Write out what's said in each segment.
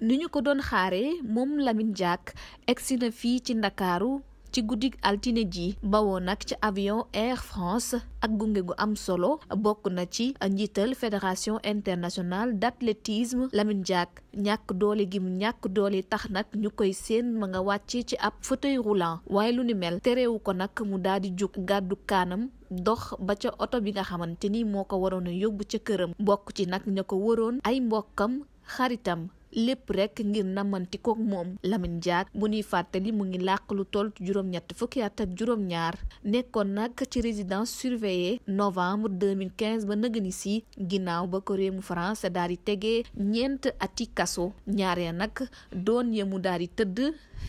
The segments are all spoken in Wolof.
ni ñu ko doon xaaree moom Lamine Diack egsi na fii ci ndakaaru ci guddi altine ji bawoo nag ci avion Air France ak gunge gu am solo bokk na ci njiital fédération internationale d'athlétisme Lamine Diack ñàkk doole gi mu ñàkk doole tax nag ñu koy seen ma nga wàcce ci ab fauteuil roulant waaye lu ni mel terewu ko nag mu daal di jug gàddu kaanam dox ba ca oto bi nga xamante ni moo ko waroon a yóbbu ca këram bokk ci nag ña ko waroon ay mbokkam xaritam lépp rek ngir namanti kook moom Lamine Diack bu ñuy fàttali mu ngi làq lu toll juróom-ñett fukki at ak juróom-ñaar nekkoon nag ci résidence surveillée novembre 2015 ba ni si ginnaaw ba ko réew mu France daal di tegee ñeent ati kaso ñaaree nag doon yemu daal di tëdd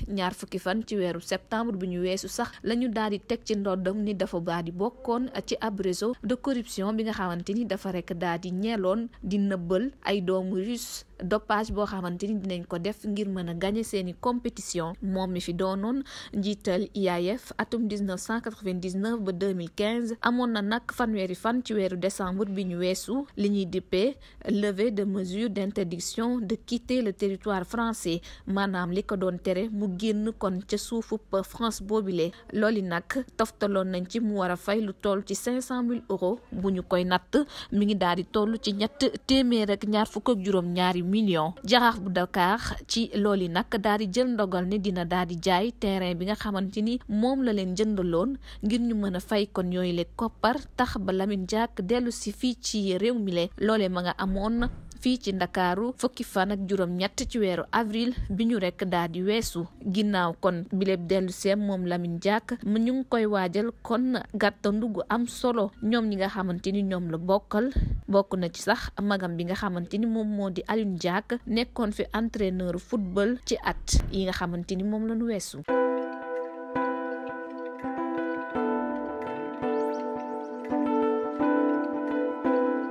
ñaar fukki fan ci weeru septembre bi ñu weesu sax la ñu daal di teg ci ndoddam ni dafa daal di bokkoon ci ab de corruption bi nga xamante ni dafa rek daal di ñeeloon di nëbbal ay doomu xamante ni dinañ ko def ngir mën a gagné seen i compétition moom mi fi doonoon njiital IAAF atum 1999 ba 2015 amoon na nag fanweeri fan ci weeru décembre bi ñu weesu li ñuy dippee levée de mesure d'interdiction de quitter le territoire français maanaam li ko doon tere mu génn kon ca suufu France boobile looli nag toftaloon nañ ci mu war a fay lu toll ci 500000 euros bu ñu koy natt mu ngi daal di toll ci ñett téeméer ak ñaar fukk ak juróom ñaari millions. Yaraax bu Dakar ci loolu nag daal di jël ndogal ni dina daal di jaay terrain bi nga xamante ni moom la leen jëndaloon ngir ñu mën a fay kon yooyu le koppar tax ba Lamine jàkk dellusi fii ci réew mi le loolee ma nga amoon. fii ci ndakaaru fukki fan ak juróom ñett ci weeru avril bi ñu rekk daa di weesu ginnaaw kon biléb dellu seem moom Lamine Diack mu ñu ngi koy waajal kon gàttandu gu am solo ñoom ñi nga xamante ni ñoom la bokkal bokk na ci sax magam bi nga xamante ni moom moo di Alioune Diack nekkoon fi entraîneur football ci at yi nga xamante ni moom la ñu weesu